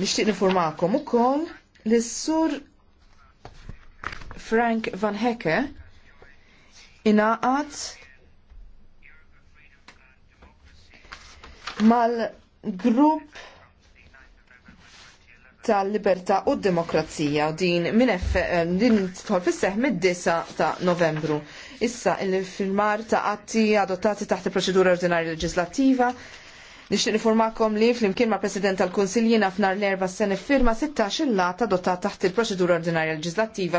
Nixtieq nifurmakom ukoll li s-sur Frank Van Hecke inaqat mal-grupp tal-libertà u d-demokrazija din minn eh, din tħol fisseħ mid-9 ta' novembru. Issa il-firmar ta' atti adottati taħt il-proċedura ordinarja leġislattiva Nixtieq nifurmakom li flimkien ma' President tal kunsilli nafnar l-erba' se niffirma 16 il-lata dotat taħt il-proċedura ordinarja leġislattiva